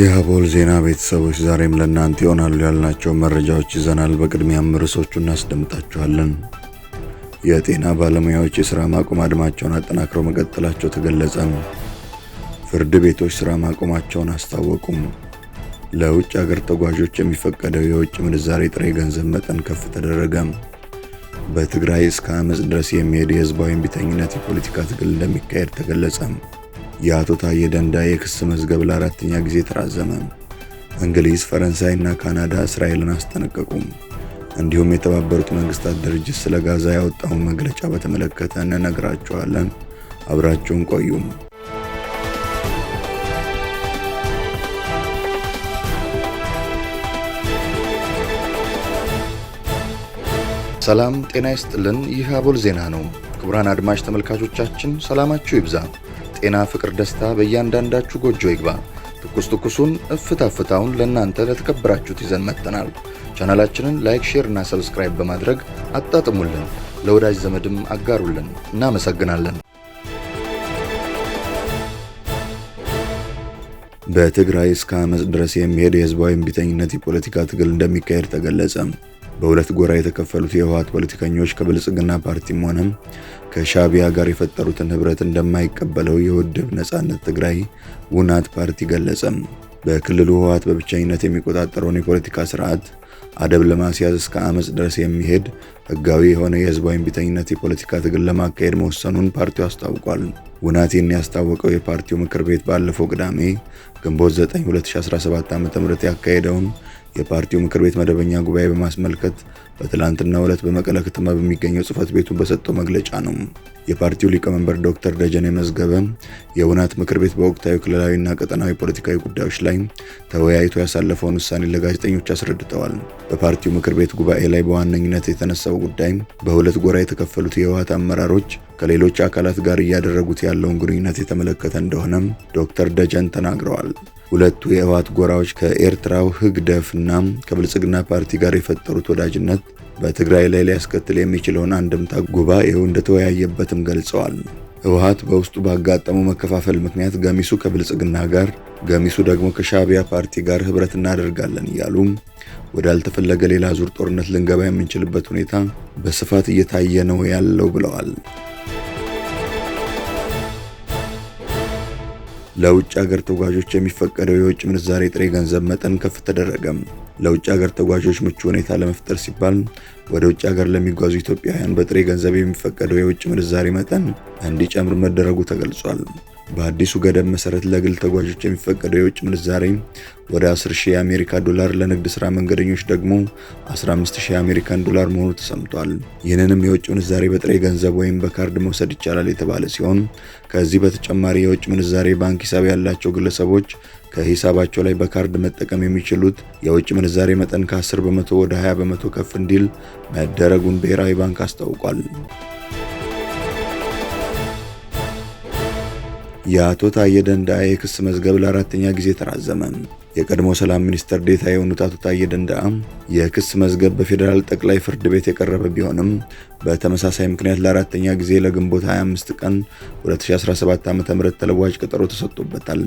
የአቦል ዜና ቤተሰቦች ዛሬም ለእናንተ ይሆናሉ ያልናቸው መረጃዎች ይዘናል። በቅድሚያም ርዕሶቹ እናስደምጣችኋለን። የጤና ባለሙያዎች የሥራ ማቆም አድማቸውን አጠናክረው መቀጠላቸው ተገለጸ። ፍርድ ቤቶች ሥራ ማቆማቸውን አስታወቁም። ለውጭ አገር ተጓዦች የሚፈቀደው የውጭ ምንዛሬ ጥሬ ገንዘብ መጠን ከፍ ተደረገ። በትግራይ እስከ አመፅ ድረስ የሚሄድ የህዝባዊ እምቢተኝነት የፖለቲካ ትግል እንደሚካሄድ ተገለጸም። የአቶ ታዬ ደንዳ የክስ መዝገብ ለአራተኛ ጊዜ ተራዘመ። እንግሊዝ፣ ፈረንሳይ እና ካናዳ እስራኤልን አስጠነቀቁም። እንዲሁም የተባበሩት መንግስታት ድርጅት ስለ ጋዛ ያወጣውን መግለጫ በተመለከተ እንነግራችኋለን። አብራችሁን ቆዩም። ሰላም ጤና ይስጥልን። ይህ አቦል ዜና ነው። ክቡራን አድማጭ ተመልካቾቻችን ሰላማችሁ ይብዛ ጤና፣ ፍቅር፣ ደስታ በእያንዳንዳችሁ ጎጆ ይግባ። ትኩስ ትኩሱን እፍታ ፍታውን ለእናንተ ለተከበራችሁት ይዘን መጥተናል። ቻናላችንን ላይክ፣ ሼር እና ሰብስክራይብ በማድረግ አጣጥሙልን፣ ለወዳጅ ዘመድም አጋሩልን። እናመሰግናለን። በትግራይ እስከ አመፅ ድረስ የሚሄድ የህዝባዊ እምቢተኝነት የፖለቲካ ትግል እንደሚካሄድ ተገለጸ። በሁለት ጎራ የተከፈሉት የህወሓት ፖለቲከኞች ከብልጽግና ፓርቲም ሆነ ከሻቢያ ጋር የፈጠሩትን ህብረት እንደማይቀበለው የውድብ ነጻነት ትግራይ ውናት ፓርቲ ገለጸም። በክልሉ ህወሓት በብቸኝነት የሚቆጣጠረውን የፖለቲካ ስርዓት አደብ ለማስያዝ እስከ አመፅ ድረስ የሚሄድ ህጋዊ የሆነ የህዝባዊ እምቢተኝነት የፖለቲካ ትግል ለማካሄድ መወሰኑን ፓርቲው አስታውቋል። ውናቴን ያስታወቀው የፓርቲው ምክር ቤት ባለፈው ቅዳሜ ግንቦት 9 2017 ዓ ም ያካሄደውን የፓርቲው ምክር ቤት መደበኛ ጉባኤ በማስመልከት በትላንትናው ዕለት በመቀለ ከተማ በሚገኘው ጽህፈት ቤቱ በሰጠው መግለጫ ነው። የፓርቲው ሊቀመንበር ዶክተር ደጀኔ መዝገበ የውናት ምክር ቤት በወቅታዊ ክልላዊና ቀጠናዊ ፖለቲካዊ ጉዳዮች ላይ ተወያይቶ ያሳለፈውን ውሳኔ ለጋዜጠኞች አስረድተዋል። በፓርቲው ምክር ቤት ጉባኤ ላይ በዋነኝነት የተነሳው ጉዳይም በሁለት ጎራ የተከፈሉት የህወሓት አመራሮች ከሌሎች አካላት ጋር እያደረጉት ያለውን ግንኙነት የተመለከተ እንደሆነም ዶክተር ደጀን ተናግረዋል። ሁለቱ የህወሓት ጎራዎች ከኤርትራው ህግደፍ እና ከብልጽግና ፓርቲ ጋር የፈጠሩት ወዳጅነት በትግራይ ላይ ሊያስከትል የሚችለውን አንድምታ ጉባኤው እንደተወያየበትም ገልጸዋል። ህወሓት በውስጡ ባጋጠመው መከፋፈል ምክንያት ገሚሱ ከብልጽግና ጋር፣ ገሚሱ ደግሞ ከሻቢያ ፓርቲ ጋር ህብረት እናደርጋለን እያሉም ወዳልተፈለገ ሌላ ዙር ጦርነት ልንገባ የምንችልበት ሁኔታ በስፋት እየታየ ነው ያለው ብለዋል። ለውጭ ሀገር ተጓዦች የሚፈቀደው የውጭ ምንዛሬ ጥሬ ገንዘብ መጠን ከፍ ተደረገም። ለውጭ ሀገር ተጓዦች ምቹ ሁኔታ ለመፍጠር ሲባል ወደ ውጭ ሀገር ለሚጓዙ ኢትዮጵያውያን በጥሬ ገንዘብ የሚፈቀደው የውጭ ምንዛሬ መጠን እንዲጨምር መደረጉ ተገልጿል። በአዲሱ ገደብ መሰረት ለግል ተጓዦች የሚፈቀደው የውጭ ምንዛሬ ወደ 10,000 የአሜሪካ ዶላር፣ ለንግድ ሥራ መንገደኞች ደግሞ 15,000 የአሜሪካን ዶላር መሆኑ ተሰምቷል። ይህንንም የውጭ ምንዛሬ በጥሬ ገንዘብ ወይም በካርድ መውሰድ ይቻላል የተባለ ሲሆን ከዚህ በተጨማሪ የውጭ ምንዛሬ ባንክ ሂሳብ ያላቸው ግለሰቦች ከሂሳባቸው ላይ በካርድ መጠቀም የሚችሉት የውጭ ምንዛሬ መጠን ከ10 በመቶ ወደ 20 በመቶ ከፍ እንዲል መደረጉን ብሔራዊ ባንክ አስታውቋል። የአቶ ታዬ ደንዳ የክስ መዝገብ ለአራተኛ ጊዜ ተራዘመ። የቀድሞ ሰላም ሚኒስትር ዴታ የሆኑት አቶ ታዬ ደንዳ የክስ መዝገብ በፌዴራል ጠቅላይ ፍርድ ቤት የቀረበ ቢሆንም በተመሳሳይ ምክንያት ለአራተኛ ጊዜ ለግንቦት 25 ቀን 2017 ዓ.ም ተለዋጭ ቀጠሮ ተሰጥቶበታል።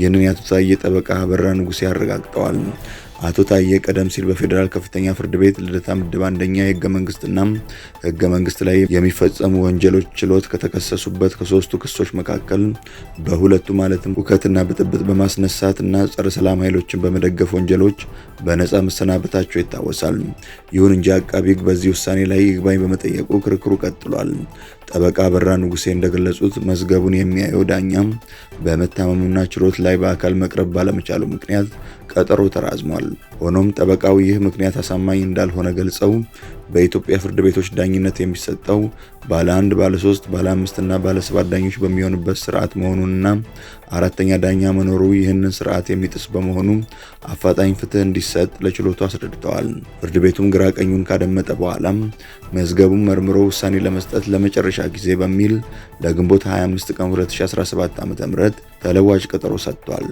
ይህንን የአቶ ታዬ ጠበቃ አበራ ንጉሴ አረጋግጠዋል። አቶ ታዬ ቀደም ሲል በፌዴራል ከፍተኛ ፍርድ ቤት ልደታ ምድብ አንደኛ የህገ መንግስትና ህገ መንግስት ላይ የሚፈጸሙ ወንጀሎች ችሎት ከተከሰሱበት ከሶስቱ ክሶች መካከል በሁለቱ ማለትም ሁከትና ብጥብጥ በማስነሳትና ጸረ ሰላም ኃይሎችን በመደገፍ ወንጀሎች በነጻ መሰናበታቸው ይታወሳል። ይሁን እንጂ አቃቢ ህግ በዚህ ውሳኔ ላይ ይግባኝ በመጠየቁ ክርክሩ ቀጥሏል። ጠበቃ በራ ንጉሴ እንደገለጹት መዝገቡን የሚያየው ዳኛ በመታመሙና ችሎት ላይ በአካል መቅረብ ባለመቻሉ ምክንያት ቀጠሮ ተራዝሟል። ሆኖም ጠበቃው ይህ ምክንያት አሳማኝ እንዳልሆነ ገልጸው በኢትዮጵያ ፍርድ ቤቶች ዳኝነት የሚሰጠው ባለ አንድ፣ ባለ ሶስት፣ ባለ እና ባለ ሰባት ዳኞች በሚሆንበት ስርዓት መሆኑንና አራተኛ ዳኛ መኖሩ ይህንን ስርዓት የሚጥስ በመሆኑ አፋጣኝ ፍትህ እንዲሰጥ ለችሎቱ አስረድተዋል። ፍርድ ቤቱም ግራ ቀኙን ካደመጠ በኋላም መዝገቡን መርምሮ ውሳኔ ለመስጠት ለመጨረሻ ጊዜ በሚል ለግንቦት 25 ቀን 2017 ዓ.ም ተለዋጭ ቀጠሮ ሰጥቷል።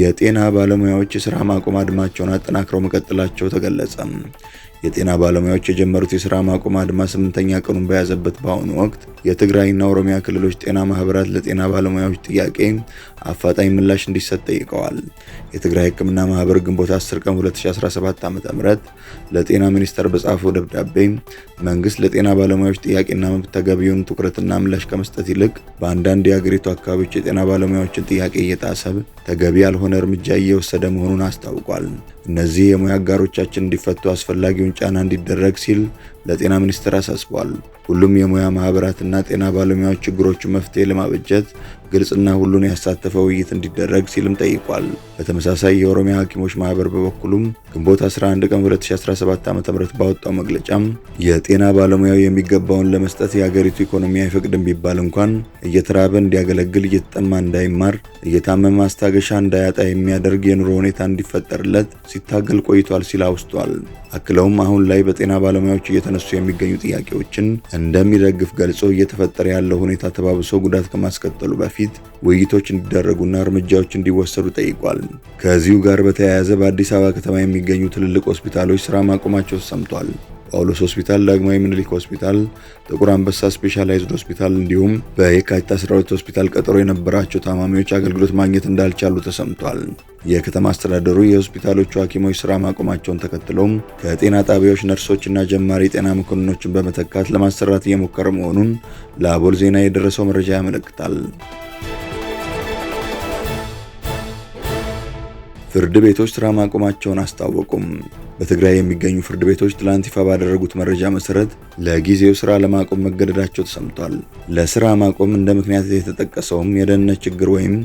የጤና ባለሙያዎች የስራ ማቆም አድማቸውን አጠናክረው መቀጠላቸው ተገለጸ። የጤና ባለሙያዎች የጀመሩት የስራ ማቆም አድማ ስምንተኛ ቀኑን በያዘበት በአሁኑ ወቅት የትግራይና ኦሮሚያ ክልሎች ጤና ማህበራት ለጤና ባለሙያዎች ጥያቄ አፋጣኝ ምላሽ እንዲሰጥ ጠይቀዋል። የትግራይ ሕክምና ማህበር ግንቦት 10 ቀን 2017 ም ለጤና ሚኒስቴር በጻፈው ደብዳቤ መንግስት ለጤና ባለሙያዎች ጥያቄና መብት ተገቢውን ትኩረትና ምላሽ ከመስጠት ይልቅ በአንዳንድ የአገሪቱ አካባቢዎች የጤና ባለሙያዎችን ጥያቄ እየጣሰብ ተገቢ ያልሆነ እርምጃ እየወሰደ መሆኑን አስታውቋል። እነዚህ የሙያ አጋሮቻችን እንዲፈቱ አስፈላጊውን ጫና እንዲደረግ ሲል ለጤና ሚኒስቴር አሳስቧል። ሁሉም የሙያ ማህበራትና ጤና ባለሙያዎች ችግሮቹ መፍትሄ ለማበጀት ግልጽና ሁሉን ያሳተፈ ውይይት እንዲደረግ ሲልም ጠይቋል። በተመሳሳይ የኦሮሚያ ሐኪሞች ማህበር በበኩሉም ግንቦት 11 ቀን 2017 ዓ ም ባወጣው መግለጫም የጤና ባለሙያው የሚገባውን ለመስጠት የአገሪቱ ኢኮኖሚ አይፈቅድም ቢባል እንኳን እየተራበ እንዲያገለግል፣ እየተጠማ እንዳይማር፣ እየታመመ ማስታገሻ እንዳያጣ የሚያደርግ የኑሮ ሁኔታ እንዲፈጠርለት ሲታገል ቆይቷል ሲል አውስቷል። አክለውም አሁን ላይ በጤና ባለሙያዎች እየተነሱ የሚገኙ ጥያቄዎችን እንደሚደግፍ ገልጾ እየተፈጠረ ያለው ሁኔታ ተባብሶ ጉዳት ከማስቀጠሉ በፊት በፊት ውይይቶች እንዲደረጉና እርምጃዎች እንዲወሰዱ ጠይቋል። ከዚሁ ጋር በተያያዘ በአዲስ አበባ ከተማ የሚገኙ ትልልቅ ሆስፒታሎች ስራ ማቆማቸው ተሰምቷል። ጳውሎስ ሆስፒታል፣ ዳግማዊ ምኒልክ ሆስፒታል፣ ጥቁር አንበሳ ስፔሻላይዝድ ሆስፒታል እንዲሁም በየካቲት 12 ሆስፒታል ቀጠሮ የነበራቸው ታማሚዎች አገልግሎት ማግኘት እንዳልቻሉ ተሰምቷል። የከተማ አስተዳደሩ የሆስፒታሎቹ ሐኪሞች ስራ ማቆማቸውን ተከትሎም ከጤና ጣቢያዎች ነርሶችና ጀማሪ ጤና መኮንኖችን በመተካት ለማሰራት እየሞከረ መሆኑን ለአቦል ዜና የደረሰው መረጃ ያመለክታል። ፍርድ ቤቶች ስራ ማቆማቸውን አስታወቁም። በትግራይ የሚገኙ ፍርድ ቤቶች ትላንት ይፋ ባደረጉት መረጃ መሰረት ለጊዜው ስራ ለማቆም መገደዳቸው ተሰምቷል። ለስራ ማቆም እንደ ምክንያት የተጠቀሰውም የደህንነት ችግር ወይም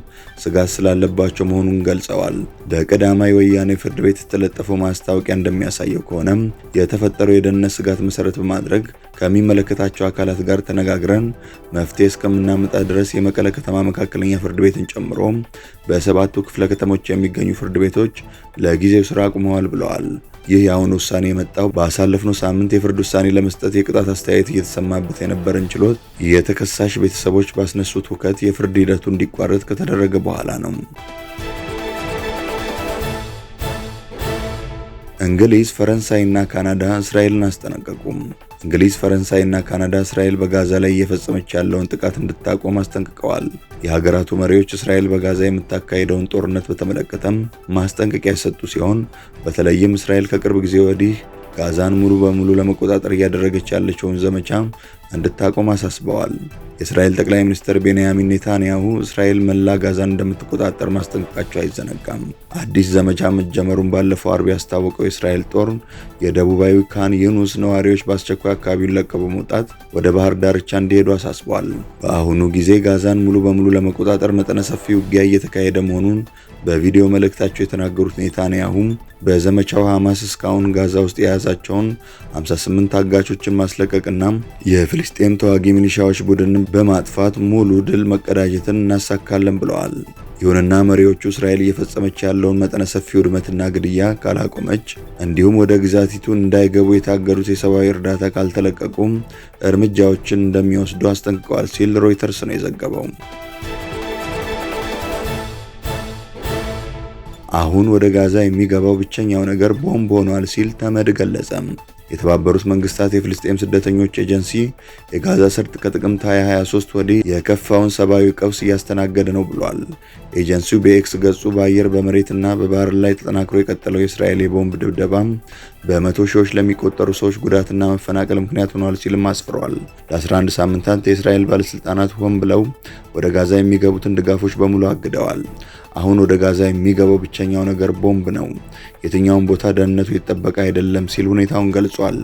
ስጋት ስላለባቸው መሆኑን ገልጸዋል። በቀዳማዊ ወያኔ ፍርድ ቤት የተለጠፈው ማስታወቂያ እንደሚያሳየው ከሆነም የተፈጠረው የደህንነት ስጋት መሰረት በማድረግ ከሚመለከታቸው አካላት ጋር ተነጋግረን መፍትሄ እስከምናመጣ ድረስ የመቀለ ከተማ መካከለኛ ፍርድ ቤትን ጨምሮ በሰባቱ ክፍለ ከተሞች የሚገኙ ፍርድ ቤቶች ለጊዜው ስራ አቁመዋል ብለዋል። ይህ የአሁኑ ውሳኔ የመጣው ባሳለፍነው ሳምንት የፍርድ ውሳኔ ለመስጠት የቅጣት አስተያየት እየተሰማበት የነበረን ችሎት የተከሳሽ ቤተሰቦች ባስነሱት ሁከት የፍርድ ሂደቱ እንዲቋረጥ ከተደረገ በኋላ ነው። እንግሊዝ፣ ፈረንሳይና ካናዳ እስራኤልን አስጠነቀቁም። እንግሊዝ፣ ፈረንሳይ እና ካናዳ እስራኤል በጋዛ ላይ እየፈጸመች ያለውን ጥቃት እንድታቆም አስጠንቅቀዋል። የሀገራቱ መሪዎች እስራኤል በጋዛ የምታካሄደውን ጦርነት በተመለከተም ማስጠንቀቂያ የሰጡ ሲሆን በተለይም እስራኤል ከቅርብ ጊዜ ወዲህ ጋዛን ሙሉ በሙሉ ለመቆጣጠር እያደረገች ያለችውን ዘመቻ እንድታቆም አሳስበዋል። የእስራኤል ጠቅላይ ሚኒስትር ቤንያሚን ኔታንያሁ እስራኤል መላ ጋዛን እንደምትቆጣጠር ማስጠንቀቃቸው አይዘነጋም። አዲስ ዘመቻ መጀመሩን ባለፈው አርብ ያስታወቀው የእስራኤል ጦር የደቡባዊ ካን ዩኑስ ነዋሪዎች በአስቸኳይ አካባቢውን ለቀው በመውጣት ወደ ባህር ዳርቻ እንዲሄዱ አሳስበዋል። በአሁኑ ጊዜ ጋዛን ሙሉ በሙሉ ለመቆጣጠር መጠነ ሰፊ ውጊያ እየተካሄደ መሆኑን በቪዲዮ መልእክታቸው የተናገሩት ኔታንያሁም በዘመቻው ሐማስ እስካሁን ጋዛ ውስጥ የያዛቸውን 58 አጋቾችን ማስለቀቅና የፍል የፍልስጤም ተዋጊ ሚሊሻዎች ቡድን በማጥፋት ሙሉ ድል መቀዳጀትን እናሳካለን ብለዋል። ይሁንና መሪዎቹ እስራኤል እየፈጸመች ያለውን መጠነ ሰፊ ውድመትና ግድያ ካላቆመች፣ እንዲሁም ወደ ግዛቲቱ እንዳይገቡ የታገዱት የሰብአዊ እርዳታ ካልተለቀቁም እርምጃዎችን እንደሚወስዱ አስጠንቅቀዋል ሲል ሮይተርስ ነው የዘገበው። አሁን ወደ ጋዛ የሚገባው ብቸኛው ነገር ቦምብ ሆኗል ሲል ተመድ ገለጸም። የተባበሩት መንግስታት የፍልስጤም ስደተኞች ኤጀንሲ የጋዛ ሰርጥ ከጥቅምት 2023 ወዲህ የከፋውን ሰብአዊ ቀውስ እያስተናገደ ነው ብሏል። ኤጀንሲው በኤክስ ገጹ በአየር በመሬትና በባህር ላይ ተጠናክሮ የቀጠለው የእስራኤል የቦምብ ድብደባም በመቶ ሺዎች ለሚቆጠሩ ሰዎች ጉዳትና መፈናቀል ምክንያት ሆኗል ሲልም አስፍሯል። ለ11 ሳምንታት የእስራኤል ባለሥልጣናት ሆን ብለው ወደ ጋዛ የሚገቡትን ድጋፎች በሙሉ አግደዋል። አሁን ወደ ጋዛ የሚገባው ብቸኛው ነገር ቦምብ ነው፣ የትኛውም ቦታ ደህንነቱ የተጠበቀ አይደለም ሲል ሁኔታውን ገልጿል።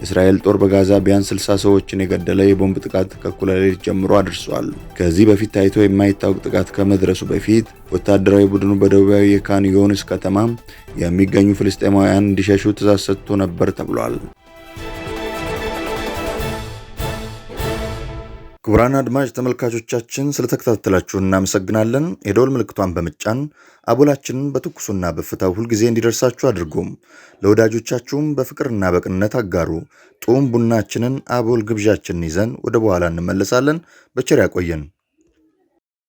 የእስራኤል ጦር በጋዛ ቢያንስ 60 ሰዎችን የገደለ የቦምብ ጥቃት ከእኩለ ሌሊት ጀምሮ አድርሷል። ከዚህ በፊት ታይቶ የማይታወቅ ጥቃት ከመድረሱ በፊት ወታደራዊ ቡድኑ በደቡባዊ የካን ዩኒስ ከተማ የሚገኙ ፍልስጤማውያን እንዲሸሹ ትእዛዝ ሰጥቶ ነበር ተብሏል። ክቡራን አድማጭ ተመልካቾቻችን ስለተከታተላችሁ እናመሰግናለን። የደወል ምልክቷን በመጫን አቦላችንን በትኩሱና በእፍታው ሁልጊዜ እንዲደርሳችሁ አድርጎም ለወዳጆቻችሁም በፍቅርና በቅንነት አጋሩ። ጡም ቡናችንን አቦል ግብዣችንን ይዘን ወደ በኋላ እንመለሳለን። በቸር ያቆየን።